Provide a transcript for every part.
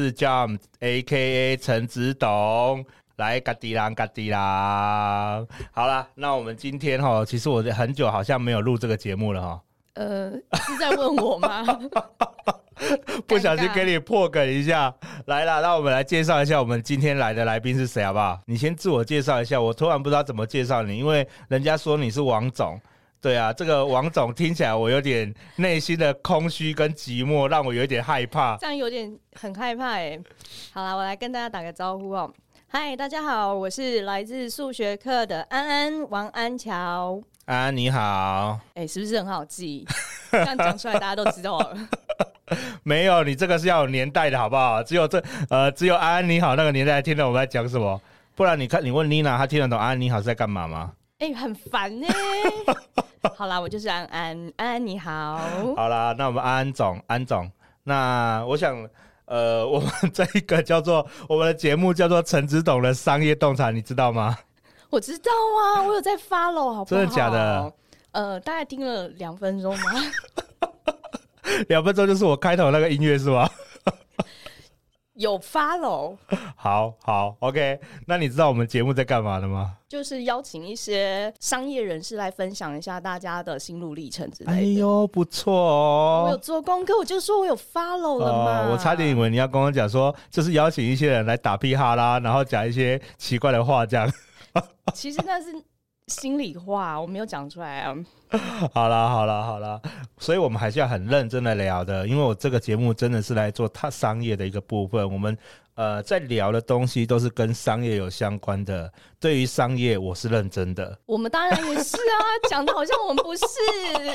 是叫 A K A 陳子董，來，嘎地啦，嘎地啦。好了，那我們今天哈，其實我很久好像沒有錄這個節目了哈。呃，是在問我嗎？ 不小心給你破梗一下，來了，那我們來介紹一下我們今天來的來賓是誰好不好？你先自我介紹一下，我突然不知道怎麼介紹你，因為人家說你是王總。對啊，這個王總聽起來我有點內心的空虛跟寂寞，讓我有點害怕。這樣有點很害怕哎、欸。好了，我來跟大家打個招呼哦、喔。嗨，大家好，我是來自速學課的安安王安喬。安安、啊、你好，哎、欸，是不是很好記？ 這樣講出來大家都知道了。 沒有，你這個是要有年代的好不好？只有這呃，只有安、啊、安你好那個年代聽到我們在講什麼。不然你看，你問妮娜，她聽得懂安、啊、安你好是在幹嘛嗎？哎、欸，很煩呢、欸。 好啦，我就是安安，安安你好。 好啦，那我們安安總，安總，那我想，呃，我們這一個叫做我們的節目叫做陳子董的商業洞察，你知道嗎？我知道啊，我有在 follow，好不好？ 真的假的？呃，大概聽了兩分鐘吧。兩 分鐘就是我開頭那個音樂是嗎？有 follow，好好，OK。那你知道我們節目在幹嘛的嗎？就是邀請一些商業人士來分享一下大家的心路歷程之類的。哎呦，不錯哦！我有做功課，我就說我有 follow 了嘛、呃？我差點以為你要跟我講說，就是邀請一些人來打屁哈啦，然後講一些奇怪的話這樣。 其實那是。心裡話我沒有講出來啊！好啦，好啦，好啦。所以我們還是要很認真的聊的，因為我這個節目真的是來做他商業的一個部分，我們呃在聊的東西都是跟商業有相關的。對於商業，我是認真的。我們當然也是啊，講得 好像我們不是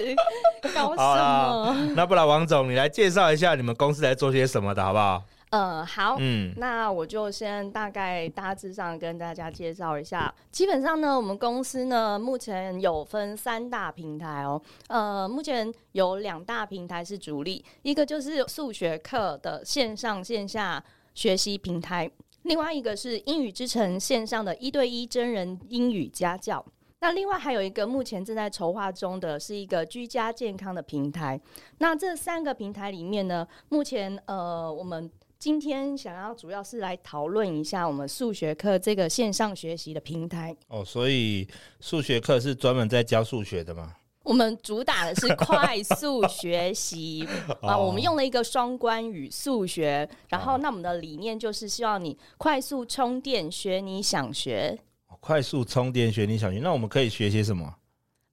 搞什麼。那不然王總，你來介紹一下你們公司來做些什麼的好不好？嗯、呃，好，嗯、那我就先大概大致上跟大家介紹一下。基本上呢，我們公司呢目前有分三大平台哦。呃，目前有兩大平台是主力，一個就是速學課的線上線下學習平台，另外一個是英語之城線上的一對一真人英語家教。那另外還有一個目前正在籌劃中的是一個居家健康的平台。那這三個平台裡面呢，目前呃我們。今天想要主要是來討論一下我們速學課這個線上學習的平台哦，所以速學課是專門在教數學的嗎？我們主打的是快速學習 啊，我們用了一個雙關語“數學”，然後那我們的理念就是希望你快速充電學你想學，哦哦、快速充電學你想學，那我們可以學些什麼？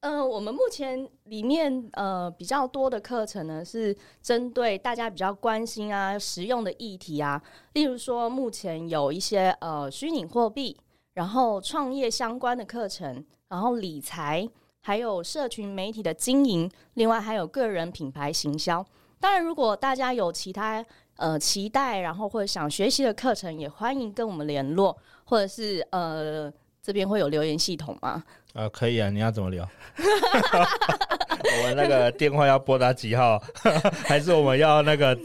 呃，我們目前裡面呃比較多的課程呢，是針對大家比較關心啊、實用的議題啊，例如說目前有一些呃虛擬貨幣，然後創業相關的課程，然後理財，還有社群媒體的經營，另外還有個人品牌行銷。當然，如果大家有其他呃期待，然後或者想學習的課程，也歡迎跟我們聯絡，或者是呃這邊會有留言系統嗎？呃，可以啊！你要怎麼聊？ 我們那個電話要撥打幾號？ 還是我們要那個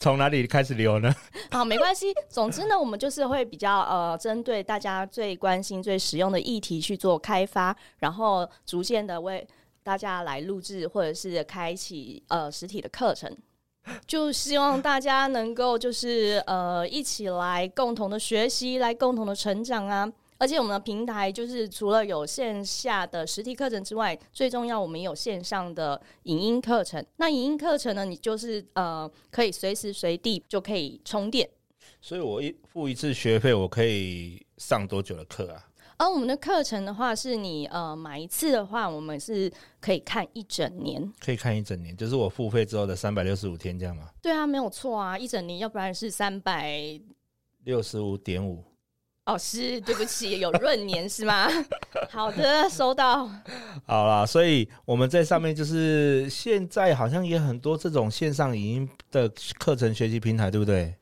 從哪裡開始聊呢？好，沒關係。總之呢，我們就是會比較呃，針對大家最關心、最實用的議題去做開發，然後逐漸的為大家來錄制或者是開啟呃實體的課程。就希望大家能夠就是呃一起來共同的學習，來共同的成長啊！而且我們的平台就是除了有線下的實體課程之外，最重要我們也有線上的影音課程。那影音課程呢，你就是呃，可以隨時隨地就可以充電。所以我一付一次學費，我可以上多久的課啊？而我們的課程的話，是你呃買一次的話，我們是可以看一整年，可以看一整年，就是我付費之後的三百六十五天，這樣嗎？對啊，沒有錯啊，一整年，要不然是三百六十五點五。哦，是，對不起，有閏年 是嗎？好的，收到。好了，所以我們在上面就是現在好像也很多這種線上影音的課程學習平台，對不對？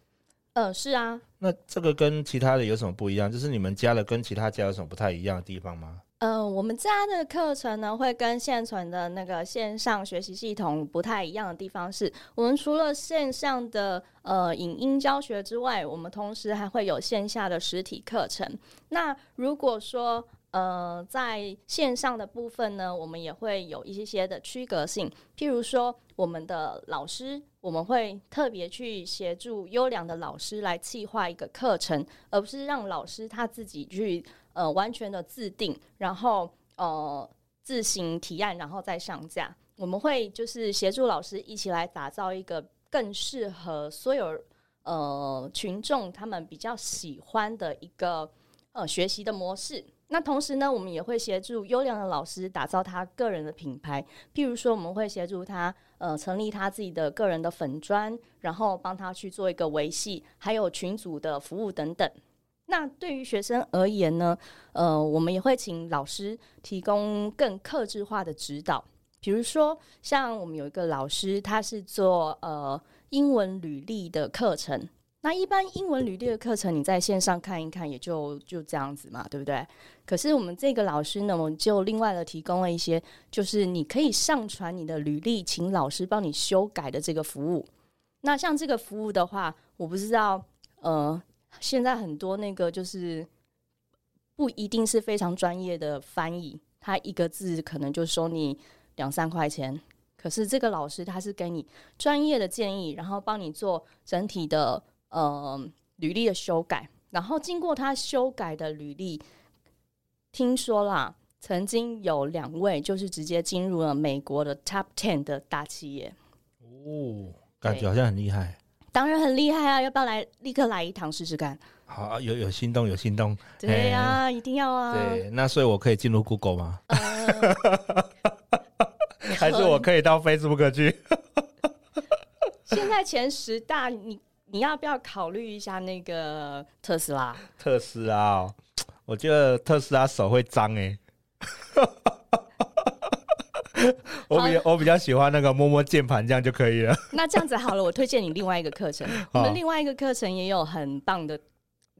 嗯、呃，是啊。那這個跟其他的有什麼不一樣？就是你們家的跟其他家有什麼不太一樣的地方嗎？嗯、呃，我們家的課程呢，會跟現存的那個線上學習系統不太一樣的地方是，我們除了線上的呃影音教學之外，我們同時還會有線下的實體課程。那如果說，呃，uh, 在線上的部分呢，我們也會有一些些的區隔性。譬如說，我們的老師，我們會特別去協助優良的老師來計劃一個課程，而不是讓老師他自己去呃完全的自定，然後呃自行提案，然後再上架。我們會就是協助老師一起來打造一個更適合所有呃群眾他們比較喜歡的一個呃學習的模式。那同時呢，我們也會協助優良的老師打造他個人的品牌。譬如說，我們會協助他呃成立他自己的個人的粉專，然後幫他去做一個維繫，還有群組的服務等等。那對於學生而言呢，呃，我們也會請老師提供更客製化的指導。比如說，像我們有一個老師，他是做呃英文履歷的課程。那一般英文履歷的課程，你在線上看一看，也就就這樣子嘛，對不對？可是我們這個老師呢，我們就另外的提供了一些，就是你可以上傳你的履歷，請老師幫你修改的這個服務。那像這個服務的話，我不知道，呃，現在很多那個就是不一定是非常專業的翻譯，他一個字可能就收你兩三塊錢。可是這個老師他是給你專業的建議，然後幫你做整體的。呃，履歷的修改，然後經過他修改的履歷，聽說啦，曾經有兩位就是直接進入了美國的 Top Ten 的大企業。哦，對感覺好像很厲害。當然很厲害啊！要不要來立刻來一堂試試看？好，有有心動，有心動。對呀、啊，欸、一定要啊！對，那所以我可以進入 Google 嗎？呃、 還是我可以到 Facebook 去？ 現在前十大你。你要不要考慮一下那個特斯拉？特斯拉、哦，我覺得特斯拉手會髒哎、欸。 我比較、uh, 我比較喜歡那個摸摸鍵盤，這樣就可以了。 那這樣子好了，我推薦你另外一個課程。我們另外一個課程也有很棒的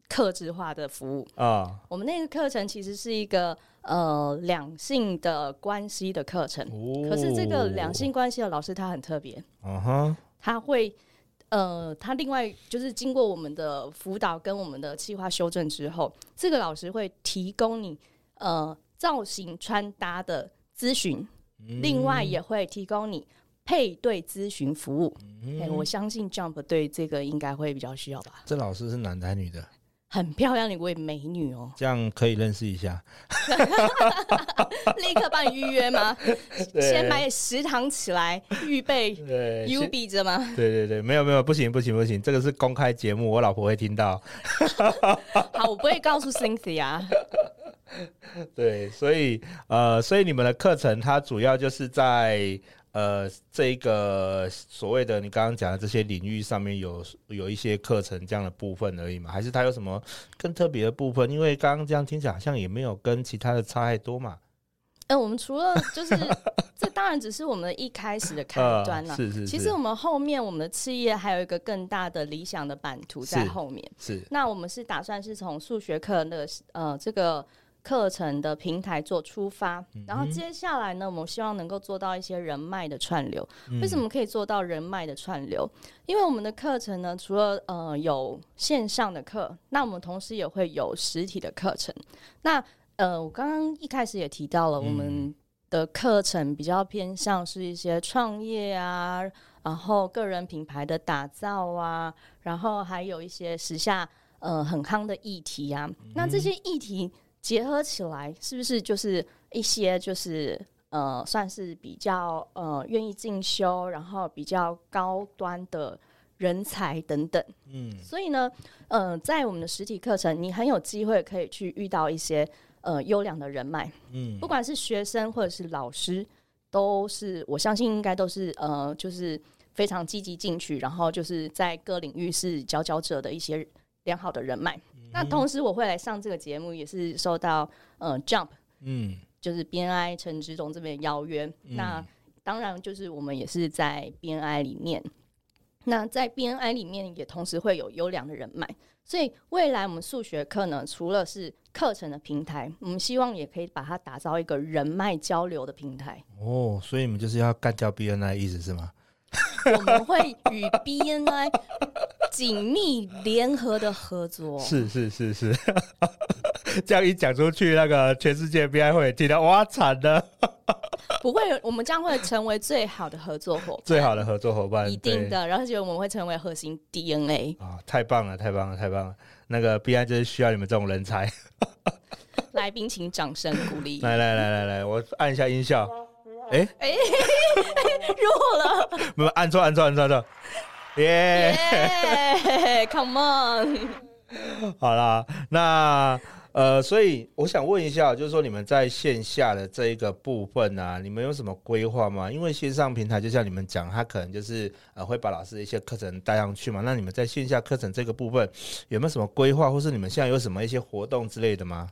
客製化的服務啊。Oh. 我們那個課程其實是一個呃兩性的關係的課程，oh. 可是這個兩性關係的老師他很特別，嗯哼、uh，huh. 他會。呃，他另外就是經過我們的輔導跟我們的計劃修正之後，這個老師會提供你呃造型穿搭的諮詢，嗯、另外也會提供你配對諮詢服務。哎、嗯欸，我相信 Jump 對這個應該會比較需要吧？這老師是男的還是女的？很漂亮的一位美女哦，這樣可以認識一下。 立刻幫你預約嗎？對先買十堂起來預備對，預備着嗎？對對對，沒有沒有，不行不行不行，這個是公開節目，我老婆會聽到。 好，我不會告訴 Cynthia，對，所以呃，所以你們的課程它主要就是在。呃，這一個所謂的你剛剛講的這些領域上面有有一些課程這樣的部分而已嘛？還是它有什麼更特別的部分？因為剛剛這樣聽起來好像也沒有跟其他的差太多嘛。哎、呃，我們除了就是 這，當然只是我們一開始的開端了、呃。是是，是。其實我們後面我們的事業還有一個更大的理想的版圖在後面。是，是。那我們是打算是從數學課的、那個、呃這個。課程的平台做出發，然後接下來呢，我們希望能夠做到一些人脈的串流。為什麼可以做到人脈的串流？因為我們的課程呢，除了呃有線上的課，那我們同時也會有實體的課程。那呃，我剛剛一開始也提到了，我們的課程比較偏向是一些創業啊，然後個人品牌的打造啊，然後還有一些時下呃很夯的議題啊。那這些議題，結合起來，是不是就是一些就是呃，算是比較呃願意進修，然後比較高端的人才等等。嗯，所以呢，呃，在我們的實體課程，你很有機會可以去遇到一些呃優良的人脈。嗯，不管是學生或者是老師，都是我相信應該都是呃，就是非常積極進取，然後就是在各領域是佼佼者的一些良好的人脈。那同時，我會來上這個節目，也是受到呃 Jump，嗯，就是 BNI 陳志忠這邊邀約。嗯、那當然，就是我們也是在 BNI 裡面。那在 BNI 裡面，也同時會有優良的人脈，所以未來我們速學課呢，除了是課程的平台，我們希望也可以把它打造一個人脈交流的平台。哦，所以你們就是要幹掉 BNI 的意思是嗎？我們會與 BNI。 緊密聯合的合作，是是是是，是是是 這樣一講出去，那個全世界 BNI 會聽到哇慘的， 不會，我們將會成為最好的合作夥伴，最好的合作夥伴，一定的。然後對我們會成為核心 DNA 啊、哦，太棒了，太棒了，太棒了。那個 BNI 就是需要你們這種人才， 來賓請掌聲鼓勵，來 來來來來，我按一下音效，哎哎，弱了，沒有，按錯按錯按錯按錯。耶 Yeah,、yeah，Come on！ 好啦，那呃，所以我想問一下，就是說你們在線下的這一個部分啊，你們有什麼規劃嗎？因為線上平台就像你們講，他可能就是呃會把老師的一些課程帶上去嘛。那你們在線下課程這個部分有沒有什麼規劃，或是你們現在有什麼一些活動之類的嗎？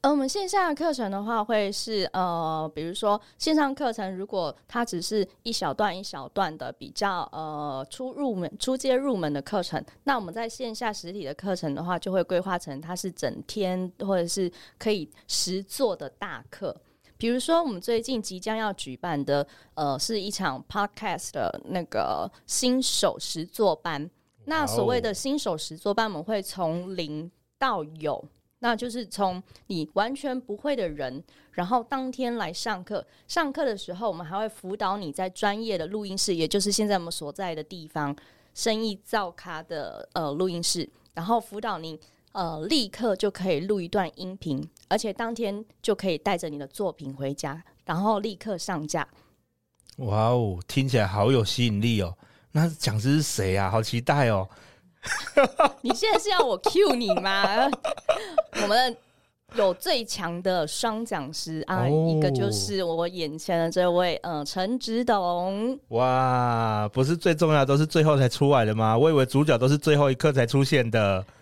呃，我們線下的課程的話，會是呃，比如說線上課程，如果它只是一小段一小段的比較呃初入門初階入門的課程，那我們在線下實體的課程的話，就會規劃成它是整天或者是可以實做的大課。比如說我們最近即將要舉辦的呃，是一場 podcast 的那個新手實作班。那所謂的新手實作班，我們會從零到有。那就是從你完全不會的人，然後當天來上課。上課的時候，我們還會輔導你在專業的錄音室，也就是現在我們所在的地方——生意造咖的呃錄音室，然後輔導你呃立刻就可以錄一段音頻，而且當天就可以帶着你的作品回家，然後立刻上架。哇哦，聽起來好有吸引力哦！那講師是誰啊？好期待哦！ 你現在是要我 Q 你嗎？ 我們有最強的雙講師啊，哦、一個就是我眼前的這位，嗯、呃，陳志董。哇，不是最重要的都是最後才出來的嗎？我以為主角都是最後一刻才出現的。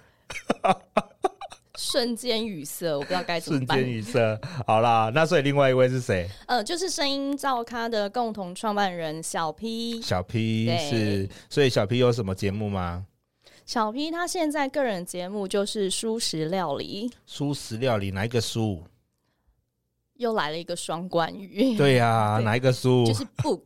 瞬間語塞，我不知道該怎麼辦。瞬間語塞。好啦，那所以另外一位是誰？嗯、呃，就是聲音照咖的共同創辦人小 P。小 P 對是，所以小 P 有什麼節目嗎？小 P 他現在個人節目就是“書食料理”，“書食料理”哪一個書？又來了一個雙關語。對呀、啊，對哪一個書？就是 book，book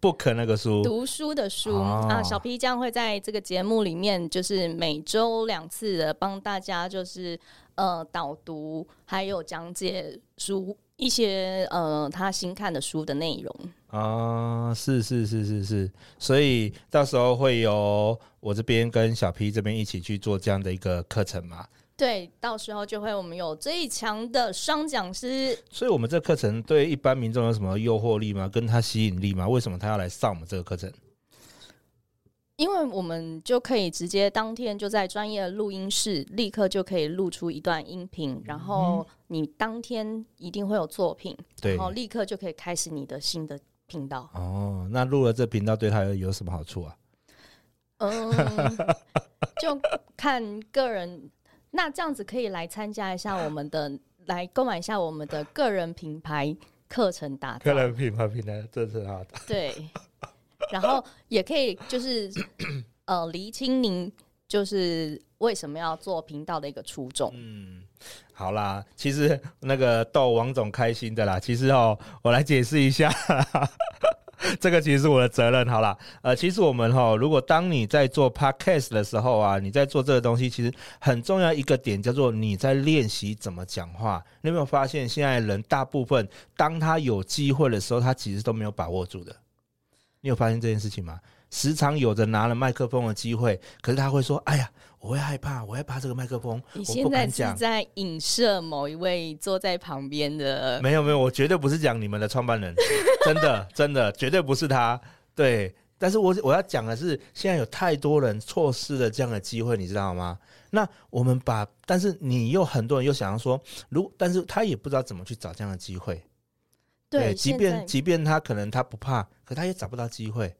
book 那個書，讀書的書、哦、啊。小 P 將會在這個節目裡面，就是每週兩次的幫大家就是呃導讀，還有講解書。一些呃，他新看的書的內容啊，是是是是是，所以到時候會有我這邊跟小 P 這邊一起去做這樣的一個課程嘛？對，到時候就會我們有最強的雙講師。所以我們這課程對一般民眾有什麼誘惑力嗎？跟他吸引力嗎？為什麼他要來上我們這個課程？因為我們就可以直接當天就在專業的錄音室立刻就可以錄出一段音頻，然後你當天一定會有作品，對的然後立刻就可以開始你的新的頻道。哦，那錄了這頻道對他有什麼好處啊？嗯，就看個人。 那這樣子可以來參加一下我們的，啊、來購買一下我們的個人品牌課程打造個人品牌平台這是很好的對。 然後也可以就是呃釐清您就是為什麼要做頻道的一個初衷。嗯，好啦，其實那個逗王總開心的啦，其實哦，我來解釋一下， 這個其實是我的責任。好了，呃，其實我們哈、哦，如果當你在做 Podcast 的時候啊，你在做這個東西，其實很重要一個點叫做你在練習怎麼講話。你有沒有發現現在人大部分當他有機會的時候，他其實都沒有把握住的。你有發現這件事情嗎？時常有着拿了麥克風的機會，可是他會說：“哎呀，我會害怕，我會怕這個麥克風。”你現在我不敢講是在影射某一位坐在旁邊的？沒有沒有，我絕對不是講你們的創辦人， 真的真的，絕對不是他。對，但是我我要講的是，現在有太多人錯失了這樣的機會，你知道嗎？那我們把，但是你又很多人又想要說，如，但是他也不知道怎麼去找這樣的機會。對，即便在即便他可能他不怕，可他也找不到機會。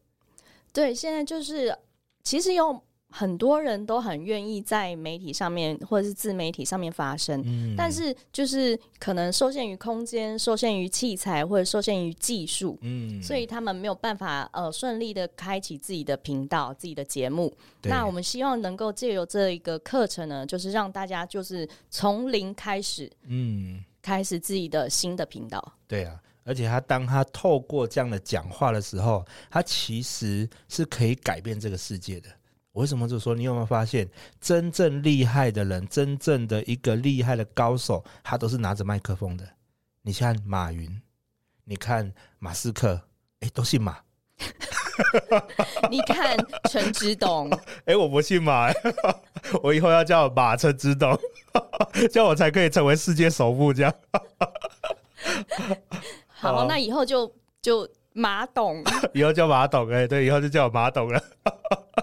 對，現在就是其實有很多人都很願意在媒體上面或者是自媒體上面發聲，嗯、但是就是可能受限於空間、受限於器材或者受限於技術，嗯，所以他們沒有辦法呃順利的開啟自己的頻道、自己的節目。對那我們希望能夠借由這一個課程呢，就是讓大家就是從零開始，嗯，開始自己的新的頻道。對啊。而且他當他透過這樣的講話的時候，他其實是可以改變這個世界的。我為什麼就說你有沒有發現，真正厲害的人，真正的一個厲害的高手，他都是拿着麥克風的。你看馬雲，你看馬斯克，哎、欸，都姓馬。 你看陳志董，哎、 欸，我不姓馬、欸， 我以後要叫馬陳志董，這樣我才可以成為世界首富，這樣。 好、哦，oh. 那以後就就馬董，以後叫馬董哎、欸，對，以後就叫我馬董了。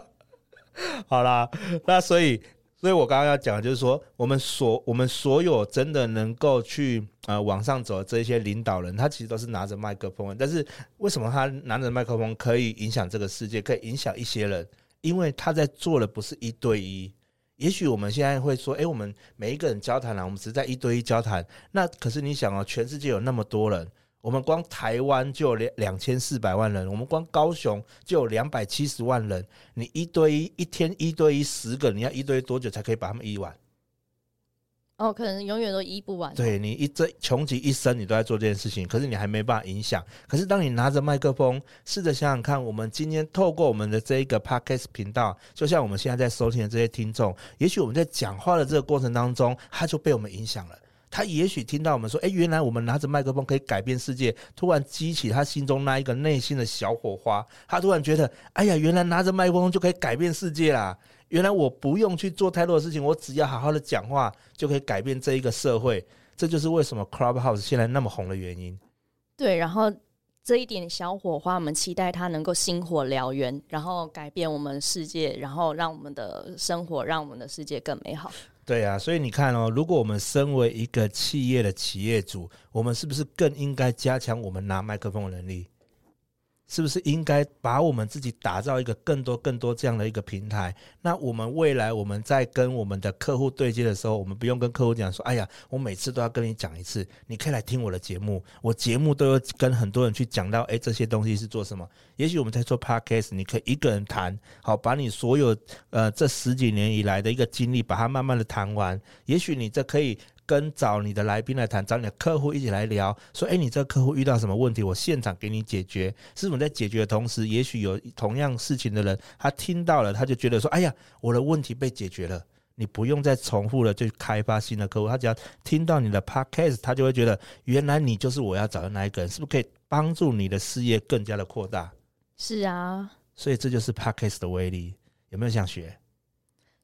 好啦，那所以，所以我剛剛要講的，就是說，我們所我們所有真的能夠去呃往上走的這些領導人，他其實都是拿着麥克風。但是為什麼他拿着麥克風可以影響這個世界，可以影響一些人？因為他在做的不是一對一。也許我們現在會說，哎、欸，我們每一個人交談了，我們只是在一對一交談。那可是你想啊、喔，全世界有那麼多人。我們光台灣就有兩兩千四百萬人，我們光高雄就有兩百七十萬人。你一對一一天一對一十個，你要一對一多久才可以把他們醫完？哦，可能永遠都醫不完、哦。對，你一這窮極一生，你都在做這件事情，可是你還沒辦法影響，可是當你拿着麥克風，試着想想看，我們今天透過我們的這一個 Podcast 頻道，就像我們現在在收聽的這些聽眾，也許我們在講話的這個過程當中，他就被我們影響了。他也許聽到我們說：“哎、欸，原來我們拿着麥克風可以改變世界。”突然激起他心中那一個內心的小火花，他突然覺得：“哎呀，原來拿着麥克風就可以改變世界啦！原來我不用去做太多的事情，我只要好好的講話就可以改變這一個社會。”這就是為什麼 Clubhouse 現在那麼紅的原因。對，然後這一點小火花，我們期待它能夠星火燎原，然後改變我們的世界，然後讓我們的生活，讓我們的世界更美好。對啊，所以你看哦，如果我們身為一個企業的企業主，我們是不是更應該加強我們拿麥克風的能力？是不是應該把我們自己打造一個更多更多這樣的一個平台？那我們未來我們在跟我們的客戶對接的時候，我們不用跟客戶講說，哎呀，我每次都要跟你講一次，你可以來聽我的節目，我節目都有跟很多人去講到，誒、欸，這些東西是做什麼？也許我們在做 podcast，你可以一個人談，好，把你所有呃這十幾年以來的一個經歷，把它慢慢的談完，也許你這可以。跟找你的來賓來談，找你的客戶一起來聊，說，哎、欸，你這個客戶遇到什麼問題？我現場給你解決。是不是我在解決的同時，也許有同樣事情的人，他聽到了，他就覺得說，哎呀，我的問題被解決了，你不用再重複了，就開發新的客戶。他只要聽到你的 podcast，他就會覺得原來你就是我要找的那一個人，是不是可以幫助你的事業更加的擴大？是啊，所以這就是 podcast 的威力，有沒有想學？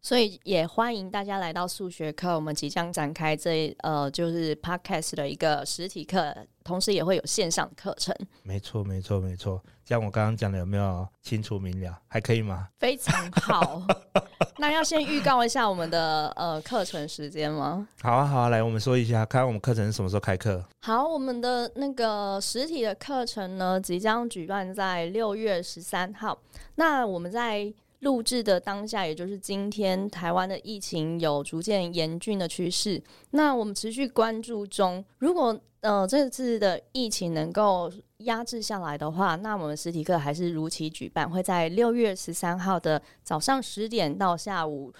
所以也歡迎大家來到速學課，我們即將展開這一呃，就是 Podcast 的一個實體課，同時也會有線上課程。沒錯，沒錯，沒錯。像我剛剛講的，有沒有清楚明了？還可以嗎？非常好。 那要先預告一下我們的呃課程時間嗎？好啊，好啊，來，我們說一下，看，看我們課程什麼時候開課。好，我們的那個實體的課程呢，即將舉辦在六月十三號。那我們在。錄製的當下，也就是今天，台灣的疫情有逐漸嚴峻的趨勢。那我們持續關注中，如果呃這次的疫情能夠壓制下來的話，那我們實體課還是如期舉辦，會在六月十三號的早上十點到下午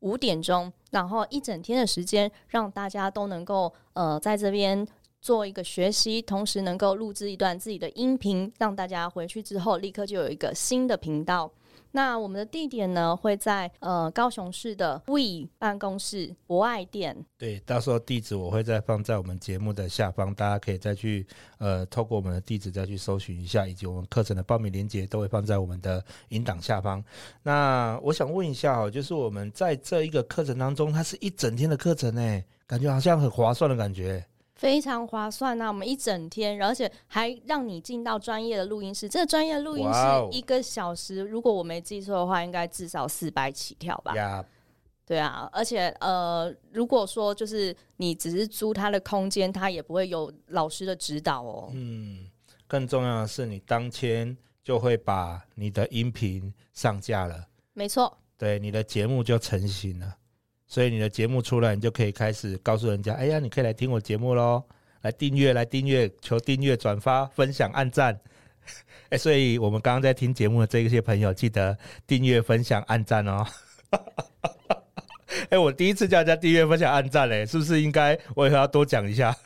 五點鐘，然後一整天的時間，讓大家都能夠呃在這邊做一個學習，同時能夠錄製一段自己的音頻，讓大家回去之後立刻就有一個新的頻道。那我們的地點呢，會在呃高雄市的 We 辦公室博愛店。對，到時候地址我會再放在我們節目的下方，大家可以再去呃透過我們的地址再去搜尋一下，以及我們課程的報名鏈接都會放在我們的音檔下方。那我想問一下哦，就是我們在這一個課程當中，它是一整天的課程誒，感覺好像很划算的感覺。非常划算吶、啊！我們一整天，而且還讓你進到專業的錄音室。這個專業錄音室一個小時，Wow 如果我沒記錯的話，應該至少四百起跳吧？Yeah. 對啊，而且呃，如果說就是你只是租他的空間，他也不會有老師的指導哦、喔。嗯，更重要的是，你當天就會把你的音頻上架了，沒錯錯，對，你的節目就成型了。所以你的節目出來，你就可以開始告訴人家：哎呀，你可以來聽我節目嘍，來訂閱，來訂閱，求訂閱，轉發，分享，按讚。哎、 欸，所以我們剛剛在聽節目的這一些朋友，記得訂閱、分享、按讚哦。哎、 欸，我第一次叫人家訂閱、分享、按讚嘞，是不是應該我以後要多講一下？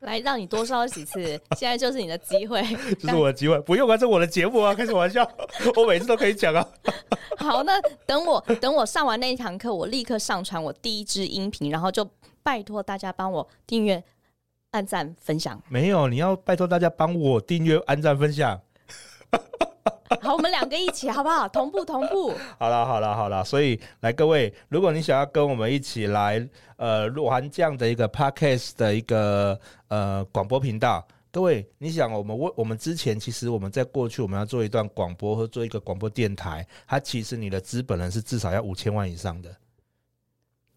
來讓你多燒幾次， 現在就是你的機會，這 是我的機會， 不用完成我的節目啊， 開什麼玩笑？ 我每次都可以講啊 好。好，那等我等我上完那一堂課，我立刻上傳我第一支音頻，然後就拜託大家幫我訂閱、按讚、分享。沒有，你要拜託大家幫我訂閱、按讚、分享。 好，我們兩個一起，好不好？同步，同步。 好了，好了，好了。所以，來各位，如果你想要跟我們一起來，呃，錄這樣的一個 Podcast 的一個呃廣播頻道，各位，你想我，我們我我們之前其實我們在過去我們要做一段廣播或做一個廣播電台，它其實你的資本呢是至少要五千萬以上的，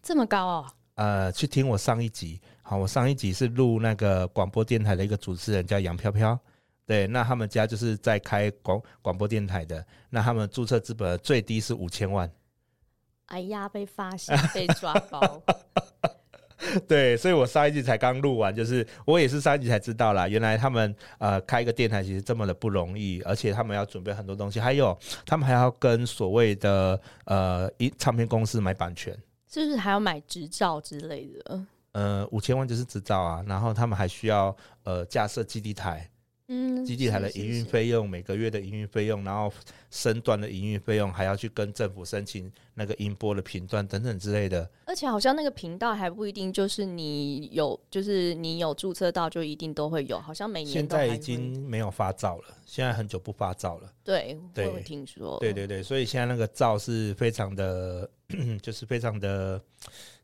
這麼高哦。呃，去聽我上一集，好，我上一集是錄那個廣播電台的一個主持人叫楊飄飄。對，那他們家就是在開廣廣播電台的。那他們注冊資本最低是五千萬。哎呀，被發現，被抓包。 對，所以我上一集才剛錄完，就是我也是上一集才知道啦，原來他們呃開一個電台其實這麼的不容易，而且他們要準備很多東西，還有他們還要跟所謂的呃一唱片公司買版權，是不是還要買執照之類的？呃，五千萬就是執照啊，然後他們還需要呃架設基地台。基地台的營運費用，嗯、每個月的營運費用，然後身段的營運費用，還要去跟政府申請那個音波的頻段等等之類的。而且好像那個頻道還不一定，就是你有，就是你有注冊到就一定都會有，好像每年。現在已經沒有發照了，現在很久不發照了。對，我聽說。對對對，所以現在那個照是非常的，就是非常的。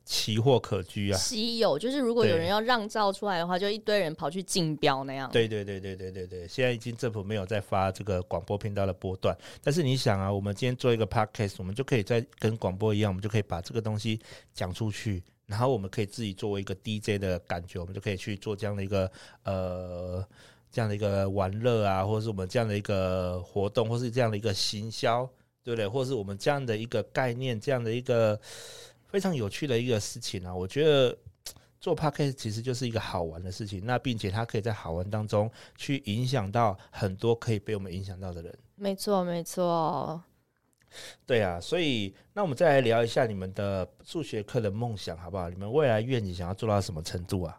奇貨可居啊！稀有就是，如果有人要讓照出來的話，對就一堆人跑去競標那樣。對對對對對對對，現在已經政府沒有在發這個廣播頻道的波段，但是你想啊，我們今天做一個 podcast，我們就可以在跟廣播一樣，我們就可以把這個東西講出去，然後我們可以自己作為一個 DJ 的感覺，我們就可以去做這樣的一個呃這樣的一個玩樂啊，或者是我們這樣的一個活動，或是這樣的一個行銷，對不對？或者是我們這樣的一個概念，這樣的一個。非常有趣的一個事情啊！我覺得做 Podcast 其實就是一個好玩的事情，那並且它可以在好玩當中去影響到很多可以被我們影響到的人。沒錯，沒錯。對啊，所以那我們再來聊一下你們的速學課的夢想好不好？你們未來願景想要做到什麼程度啊？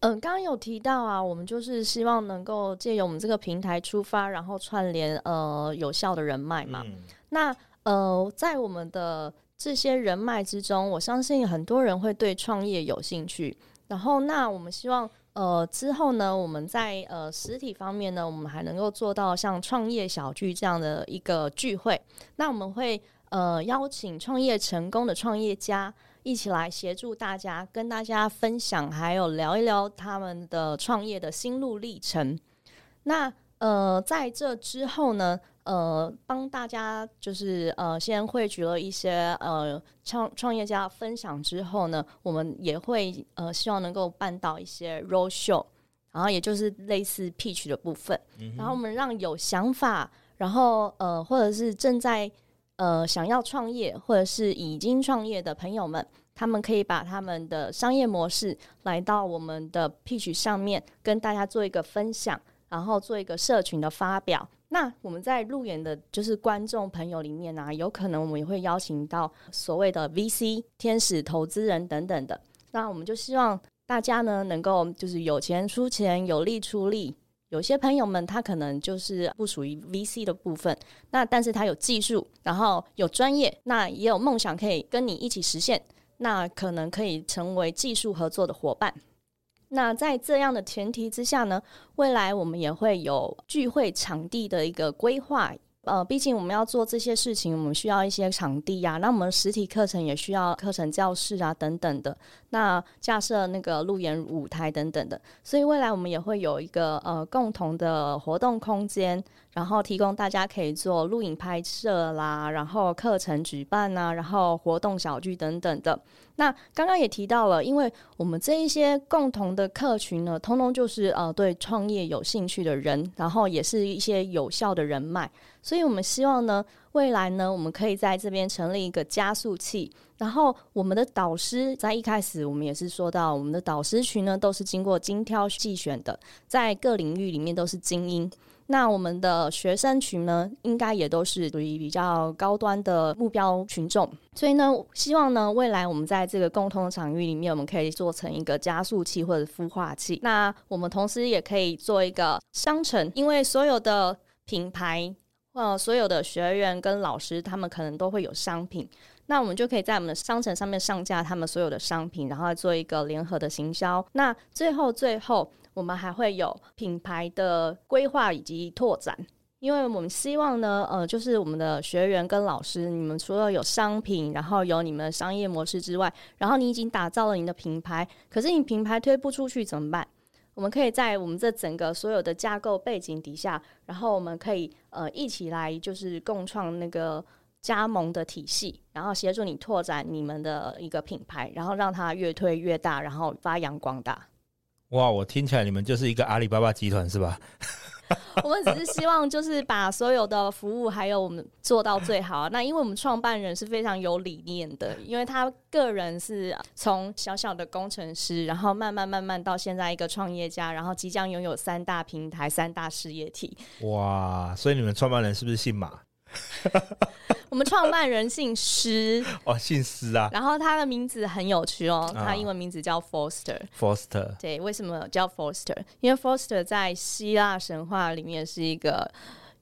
嗯、呃，剛剛有提到啊，我們就是希望能夠借由我們這個平台出發，然後串聯呃有效的人脈嘛。嗯、那呃，在我們的這些人脈之中，我相信很多人會對創業有興趣。然後，那我們希望，呃，之後呢，我們在呃實體方面呢，我們還能夠做到像創業小聚這樣的一個聚會。那我們會呃邀請創業成功的創業家一起來協助大家，跟大家分享，還有聊一聊他們的創業的心路歷程。那呃，在這之後呢，呃，幫大家就是呃，先匯聚了一些呃創創業家分享之後呢，我們也會呃，希望能夠辦到一些 road show，然後也就是類似 pitch 的部分。嗯、哼然後我們讓有想法，然後呃，或者是正在呃想要創業或者是已經創業的朋友們，他們可以把他們的商業模式來到我們的 pitch 上面，跟大家做一個分享，然後做一個社群的發表。那我們在路演的，就是觀眾朋友裡面呢、啊，有可能我們也會邀請到所謂的 VC、天使投資人等等的。那我們就希望大家呢，能夠就是有錢出錢，有力出力。有些朋友們他可能就是不屬於 VC 的部分，那但是他有技術，然後有專業，那也有夢想可以跟你一起實現，那可能可以成為技術合作的夥伴。那在這樣的前提之下呢，未來我們也會有聚會場地的一個規劃。呃，畢竟我們要做這些事情，我們需要一些場地呀、啊。那我們實體課程也需要課程教室啊，等等的。那架設那個路演舞台等等的，所以未來我們也會有一個呃共同的活動空間。然後提供大家可以做錄影拍攝啦，然後課程舉辦吶、啊，然後活動小聚等等的。那剛剛也提到了，因為我們這一些共同的客群呢，通通就是呃對創業有興趣的人，然後也是一些有效的人脈，所以我們希望呢。未來呢，我們可以在這邊成立一個加速器，然後我們的導師在一開始，我們也是說到，我們的導師群呢都是經過精挑細選的，在各領域裡面都是精英。那我們的學生群呢，應該也都是屬於比較高端的目標群眾。所以呢，希望呢，未來我們在這個共同的場域裡面，我們可以做成一個加速器或者孵化器。那我們同時也可以做一個商城，因為所有的品牌。呃，所有的學員跟老師，他們可能都會有商品，那我們就可以在我們的商城上面上架他們所有的商品，然後做一個聯合的行銷。那最後，最後，我們還會有品牌的規劃以及拓展，因為我們希望呢，呃，就是我們的學員跟老師，你們除了有商品，然後有你們的商業模式之外，然後你已經打造了你的品牌，可是你品牌推不出去怎麼辦？我們可以在我們這整個所有的架構背景底下，然後我們可以呃一起來就是共創那個加盟的體系，然後協助你拓展你們的一個品牌，然後讓它越推越大，然後發揚光大。哇，我聽起來你們就是一個阿里巴巴集團，是吧？ 我們只是希望，就是把所有的服務還有我們做到最好。那因為我們創辦人是非常有理念的，因為他個人是從小小的工程師，然後慢慢慢慢到現在一個創業家，然後即將擁有三大平台、三大事業體。哇！所以你們創辦人是不是姓馬？ 我們創辦人姓施哦，姓施啊。然後他的名字很有趣哦，哦他英文名字叫 Foster，Foster oster。對，為什麼叫 Foster？因為 Foster 在希臘神話裡面是一個。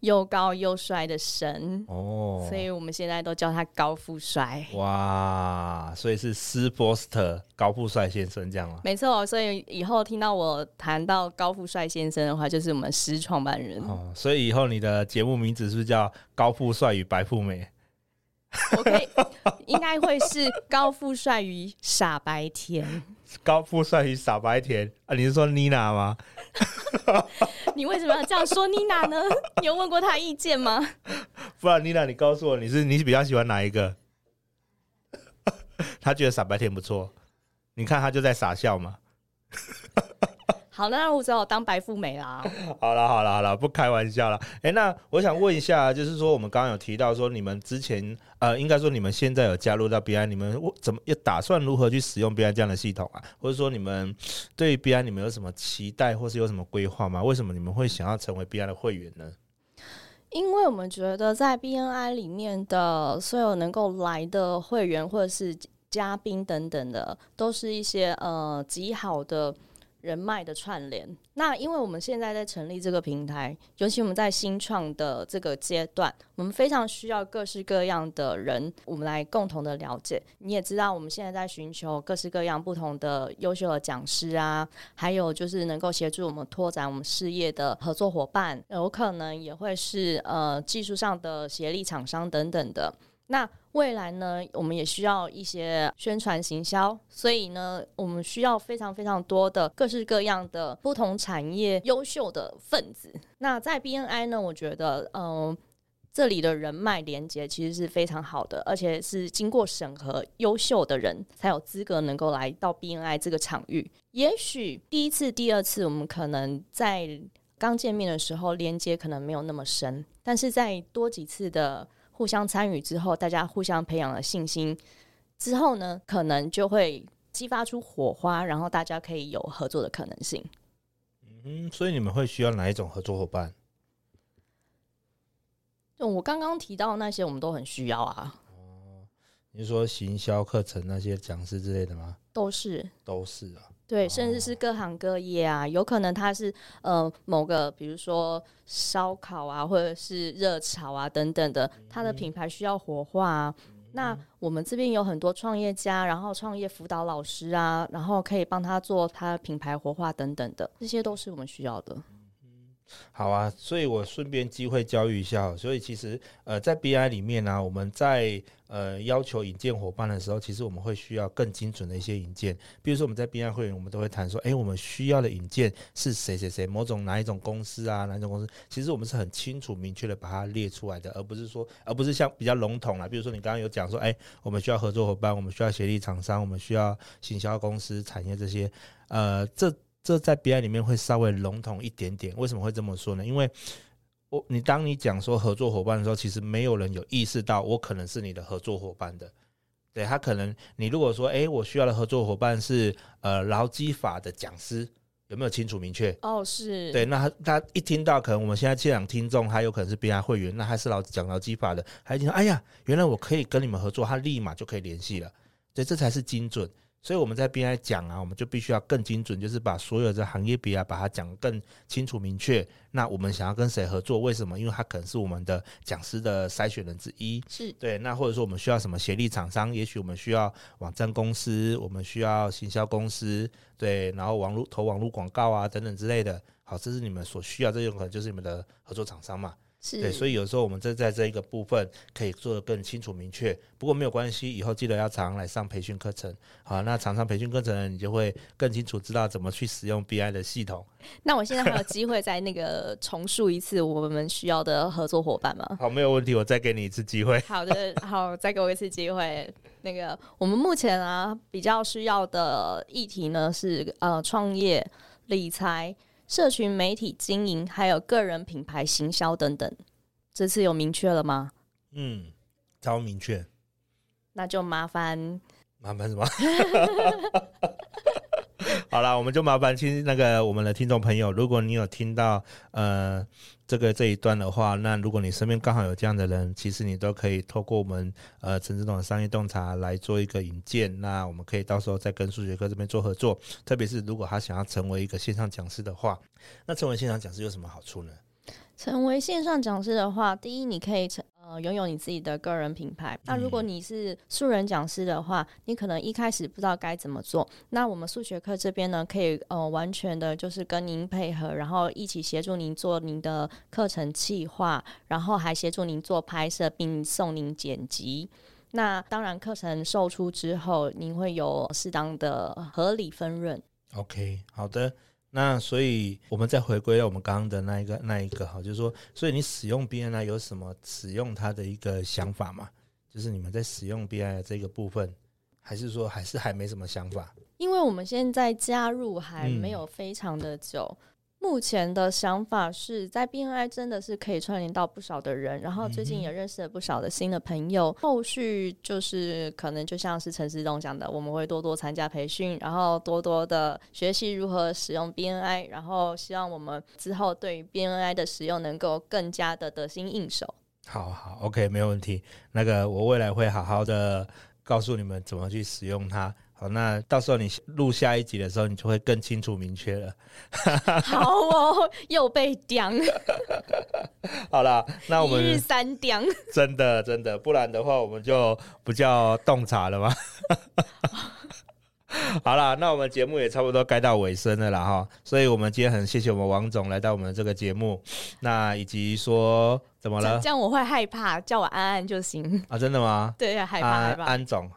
又高又帥的神哦，所以我們現在都叫他高富帥。哇，所以是斯波斯特高富帥先生這樣嗎？沒錯，所以以後聽到我談到高富帥先生的話，就是我們師創辦人。哦，所以以後你的節目名字是不是叫高富帥與白富美？OK， 應該會是高富帥與傻白甜。高富帥與傻白甜啊，你是說妮娜嗎？ 你為什麼要這樣說妮娜呢？你有問過她意見嗎？不然妮娜，你告訴我你是你比較喜歡哪一個？他 覺得傻白甜不錯，你看他就在傻笑嘛。 好，那我只好我當白富美啦。 好了，好了，好了，不開玩笑了。誒、欸，那我想問一下， 就是說，我們剛剛有提到說，你們之前呃，應該說你們現在有加入到 BNI，你們怎麼又打算如何去使用 BNI 這樣的系統啊？或者說，你們對於 BNI 你們有什麼期待，或是有什麼規劃嗎？為什麼你們會想要成為 BNI 的會員呢？因為我們覺得在 BNI 裡面的所有能夠來的會員或者是嘉賓等等的，都是一些呃極好的。人脈的串聯。那因為我們現在在成立這個平台，尤其我們在新創的這個階段，我們非常需要各式各樣的人，我們來共同的了解。你也知道，我們現在在尋求各式各樣不同的優秀的講師啊，還有就是能夠協助我們拓展我們事業的合作夥伴，有可能也會是，呃，技術上的協力廠商等等的。那未來呢？我們也需要一些宣傳行銷，所以呢，我們需要非常非常多的各式各樣的不同產業優秀的分子。那在 BNI 呢，我覺得，嗯、呃，這裡的人脈連接其實是非常好的，而且是經過審核優秀的人才有資格能夠來到 BNI 這個場域。也許第一次、第二次，我們可能在剛見面的時候連接可能沒有那麼深，但是在多幾次的。互相參與之後，大家互相培養了信心，之後呢，可能就會激發出火花，然後大家可以有合作的可能性。嗯，所以你們會需要哪一種合作夥伴？我剛剛提到那些，我們都很需要啊。哦，你是說行銷課程那些講師之類的嗎？都是，都是啊。對，oh. 甚至是各行各業啊，有可能他是呃某個，比如說燒烤啊，或者是熱炒啊等等的，他的品牌需要活化。啊。Mm hmm. 那我們這邊有很多創業家，然後創業輔導老師啊，然後可以幫他做他的品牌活化等等的，這些都是我們需要的。好啊，所以我順便機會教育一下。所以其實，呃，在 BNI 裡面呢，啊，我們在呃要求引薦夥伴的時候，其實我們會需要更精準的一些引薦。比如說，我們在 BNI 會員，我們都會談說，誒、欸，我們需要的引薦是誰誰誰，某種哪一種公司啊，哪一種公司？其實我們是很清楚明確的把它列出來的，而不是說，而不是像比較籠統啦。比如說，你剛剛有講說，誒、欸，我們需要合作夥伴，我們需要協力廠商，我們需要行銷公司，產業這些，呃，這。這在 BNI 裡面會稍微籠統一點點，為什麼會這麼說呢？因為我你當你講說合作夥伴的時候，其實沒有人有意識到我可能是你的合作夥伴的，對？他可能你如果說，哎、欸，我需要的合作夥伴是呃勞基法的講師，有沒有清楚明確？哦，是。對，那他他一聽到可能我們現在現場聽眾他有可能是 BNI 會員，那他是老講勞基法的，他一聽說，哎呀，原來我可以跟你們合作，他立馬就可以聯繫了，所以這才是精準。所以我們在 BI 講啊，我們就必須要更精準，就是把所有的行業別啊，把它講更清楚明確。那我們想要跟誰合作？為什麼？因為他可能是我們的講師的篩選人之一，是對。那或者說我們需要什麼協力廠商？也許我們需要網站公司，我們需要行銷公司，對，然後網絡投網絡廣告啊等等之類的。好，這是你們所需要，這有可能就是你們的合作廠商嘛。是對，所以有時候我們這在這一個部分可以做得更清楚明確，不過沒有關係，以後記得要常常來上培訓課程好。那常上培訓課程，你就會更清楚知道怎麼去使用 BNI 的系統。那我現在還有機會再那個重述一次我們需要的合作夥伴嗎？ 好，沒有問題，我再給你一次機會。好的，好，再給我一次機會。 那個我們目前啊比較需要的議題呢是，呃創業理財。社群媒體經營，還有個人品牌行銷等等，這次有明確了嗎？嗯，超明確。那就麻煩。麻煩什麼？ 好了，我們就麻煩請那個我們的聽眾朋友，如果你有聽到呃這個這一段的話，那如果你身邊剛好有這樣的人，其實你都可以透過我們呃陳志棟的商業洞察來做一個引薦，那我們可以到時候再跟速學課這邊做合作。特別是如果他想要成為一個線上講師的話，那成為線上講師有什麼好處呢？成為線上講師的話，第一你可以成，呃，擁有你自己的個人品牌。那如果你是素人講師的話，你可能一開始不知道該怎麼做。那我們速學課這邊呢，可以呃完全的，就是跟您配合，然後一起協助您做您的課程計劃，然後還協助您做拍攝，並送您剪輯。那當然，課程售出之後，您會有適當的合理分潤。OK，好的。那所以，我們再回歸到我們剛剛的那一個那一個哈，就是說，所以你使用 BNI 有什麼使用它的一個想法嗎？就是你們在使用 BNI 的這個部分，還是說還是還沒什麼想法？因為我們現在加入還沒有非常的久。嗯目前的想法是在 B N I 真的是可以串聯到不少的人，然後最近也認識了不少的新的朋友。嗯、哼後續就是可能就像是陳思東講的，我們會多多參加培訓，然後多多的學習如何使用 B N I，然後希望我們之後對於 B N I 的使用能夠更加的得心應手。好，好，好，OK，沒有問題。那個我未來會好好的告訴你們怎麼去使用它。哦、那到時候你錄下一集的時候，你就會更清楚明確了。 好哦，又被刁。 好了，那我們三刁。真的真的，不然的話我們就不叫洞察了嗎？ 好了，那我們節目也差不多該到尾聲了啦。哈。所以我們今天很謝謝我們王總來到我們這個節目，那以及說怎麼了？這樣我會害怕，叫我安安就行啊？真的嗎？對呀、啊，害怕、啊、害怕，安總。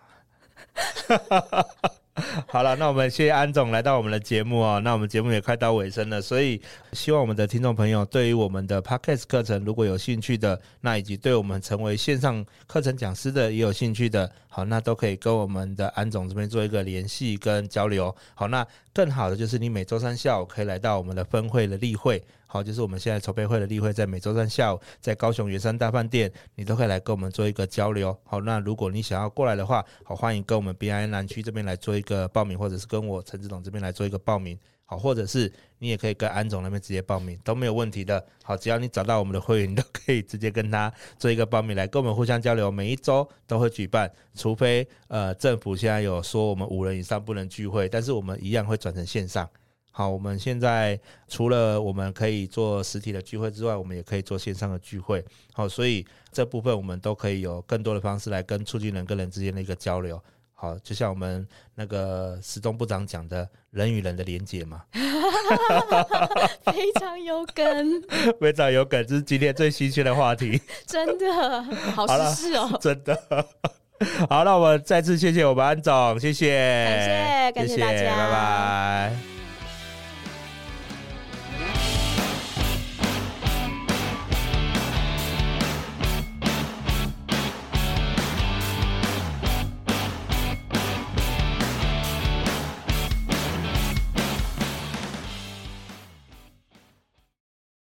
好了，那我們謝謝安總來到我們的節目哦、喔。那我們節目也快到尾聲了，所以希望我們的聽眾朋友對於我們的 Podcast 課程如果有興趣的，那以及對我們成為線上課程講師的也有興趣的。好，那都可以跟我們的安總這邊做一個聯繫跟交流。好，那更好的就是你每周三下午可以來到我們的分會的例會，好，就是我們現在籌備會的例會，在每周三下午在高雄圓山大飯店，你都可以來跟我們做一個交流。好，那如果你想要過來的話，好，歡迎跟我們 BNI 南區這邊來做一個報名，或者是跟我陳志總這邊來做一個報名。好，或者是你也可以跟安總那邊直接報名都沒有問題的。好，只要你找到我們的會員，你都可以直接跟他做一個報名來跟我們互相交流。每一周都會舉辦，除非呃政府現在有說我們五人以上不能聚會，但是我們一樣會轉成線上。好，我們現在除了我們可以做實體的聚會之外，我們也可以做線上的聚會。好，所以這部分我們都可以有更多的方式來跟促進人跟人之間的一個交流。好，就像我們那個時中部長講的，人與人的連結嘛， 非常有梗， 非常有梗，這、就是今天最新鮮的話題， 真的好，事、喔、好是哦，真的好，那我們再次謝謝我們安總，謝謝，感謝，謝謝感謝大家，拜拜。